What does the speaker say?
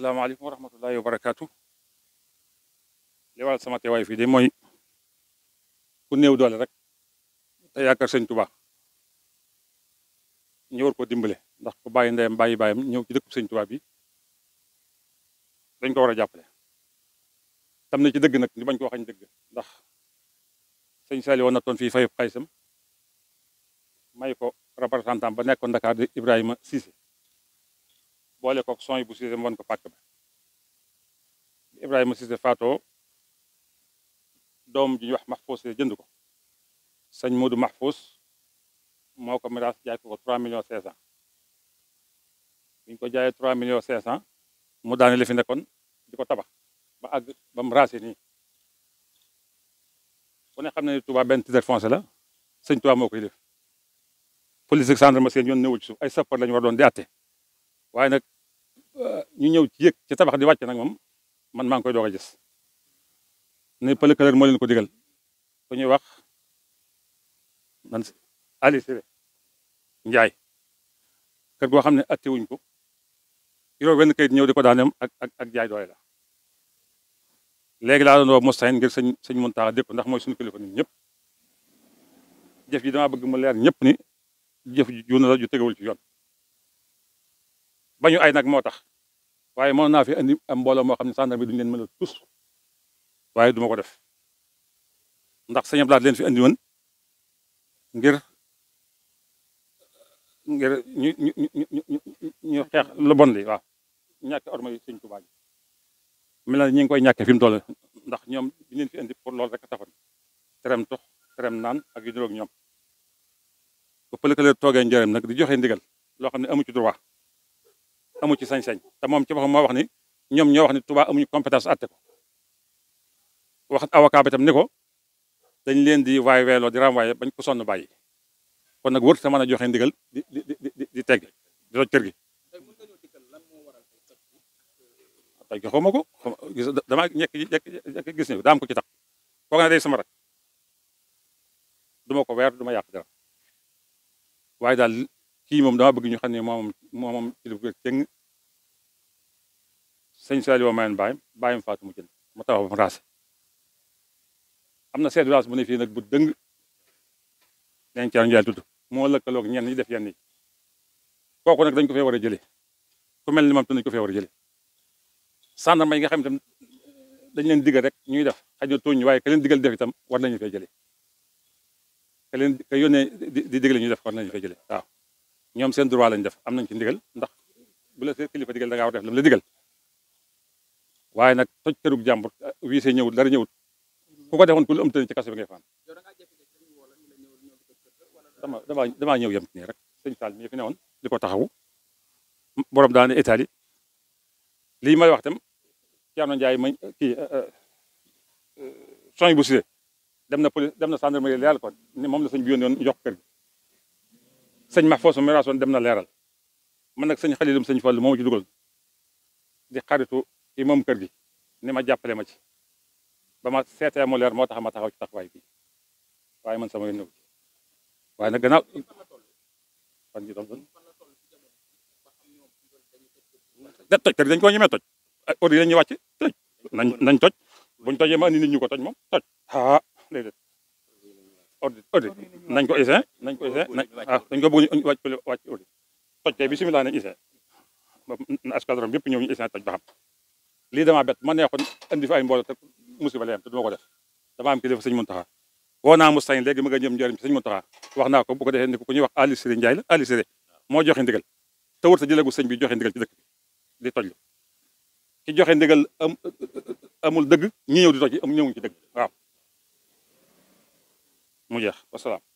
asalaamaaleykum wa rahmatullahi wa barakaatu li sama teewaay fii de mooy ku néew doole rek te yaakaar sëñ Tuubaa ñu war ko dimbale ndax ku bàyyi ndeyam bàyyi bàyyam ñëw ci dëkku sëñ Tuubaa bi dañ ko war a jàppale tam na ci dëgg nag ñu bañ ko waxañ dëgg ndax sëñ Saliou woon na toon fii fay xaysam may ko représentant ba nekkoon Dakar di Ibrahima Cissé boole kook son yi bu Cissé mu wan ko pàkk ba Ibrahima Cissé faatoo doom ju ñuy wax Mahfous jënd ko sëñ Modou Mahfous moo ko miraas jaay ko ko 3 millions 500 bi ko jaayee 3 millions 500 mu daane li fi nekkoon di ko tabax ba àgg ba mu raase ne xam na ne Touba benn titre foncier la sëñ Touba moo koy def police ak gendarmerie seen yoon newul ci ay sapeur lañ ñu war doon di àtte waaye nag euh, ñu ñëw ci yëg ci tabax di wàcc nag moom man maa ngi koy doog a gis ne pël këlër moo leen ko digal ku ñuy wax man Ali Siré Njaay kër goo xam ne atte wuñ ko yoroo wenn kayit ñëw di ko daaneem ak ak ak jaay doole la léegi laa doon woo Moustahine ngir sëñ sëñ Muntaxa dépp ndax mooy suñu kilifa ñun ñëpp jëf yi damaa bëgg mu leer ñëpp ni jëf ju na la ju tegewul ci yoon bañu ay nag moo tax waaye mën naa fi andi a mbooloo moo xam ne sàndarma bi duñu leen mën a tus duma ko def ndax sëñ Abdou Lahad leen fi andi woon ngir ngir ñu ñu ñu xeex lu bon li waaw ñàkk orma yi sëñ Tuubaa ngi koy ñàkkee fi mu toll ndax ñoom bi leen fi andi pour lool rek a taxoon terem tux terem naan ak yu niroog ñoom ba pëlëkale toogee njëriñ nag di joxe ndigal loo xam ne amu ci droit amu ci sañ-sañ te moom ci boppam moo wax ni ñoom ñoo wax ni Touba amuñu compétence àtte ko wax avocat bi tam ni ko dañ leen di waay weeloo di renvoyer bañ ko sonn bàyyi kon nag wërta mën a joxe ndigal di di di di tegg di toj gi. tey ko gis damaa ñekk ñekk gis ne daam ko ci tax foog na day sama rak du ko weer du ma yàq dara waaye daal kii moom dama bëgg ñu xam ne moom moom moom ci lu gën sëñ Saliou wa mayoon bàyyam bàyyam faatu mu jënd mu tabax ba mu raase am na seet raas bu ne fii nag bu dëng leen ceer njaay tudd moo lëkkaloog ñenn ñi def yenn yi kooku nag dañ ko fee war a jëlee ku mel ni moom dañ ko fee war a jële sàndarma yi nga xam itam dañ leen digal rek ñuy def xaj na tooñ waaye ka leen digal def itam war nañu fee jëlee ka leen ka yónnee di digal ñuy def war nañu fee jëlee waaw ñoom seen droit lañ def am nañ ci ndigal ndax bu la seen kilifa digal def lam la digal waaye nag toj kërug jàmbur wii see ñëwut dara ñëwut ku ko defoon ku lu ëmtëni ci kaso bi ngay faan dama dama damaa ñëw yem nii rek sëñ Tall mi fi newoon li ko taxawu borom daane Italie lii may wax tam Thierno Ndiaye ma kii eh, eh, soñ bu dem na police dem na gendarmerie leeral ko ni moom la sëñ bi yónni woon jox kër gi sëñ Mahfouz mi dem na leeral man nag sëñ Xalilum sëñ Fall moo ci dugal di xaritu ki moom kër gi ni ma jàppale ma ci ba ma seetee mu leer moo tax ma taxaw ci taxawaay bi waaye man sama yoon ñëw ci waaye nag gannaaw fan toj kër gi dañ ko ñemee toj audi dañuy wàcc nañ nañ buñ tojee ma andi nit ñu ko toj moom toj ah, nañ ko isin nañ ko isin ah dañ ko bëgg wàcc wàcc audi toj tey bisimilah nañ isin ba escadron yëpp ñëw ñu isin toj ba xam lii dama bett ma neexoon andi fi ay mbooloo te musiba la yem te du ma ko def dama am kilifa sëñ Muntaxa woo naa mu sañ léegi ma nga jëm njëriñ ci sëñ Muntaxa wax na ko bu ko defee ni ko ko ñuy wax Ali Siré Ndiaye la Ali Siré moo joxe ndigal te wër ta jëlagu sëñ bi joxe ndigal ci dëkk bi di toj la ki joxe ndigal amul dëgg ñi ñëw di toj am ñëwuñ ci dëgg waaw mu jeex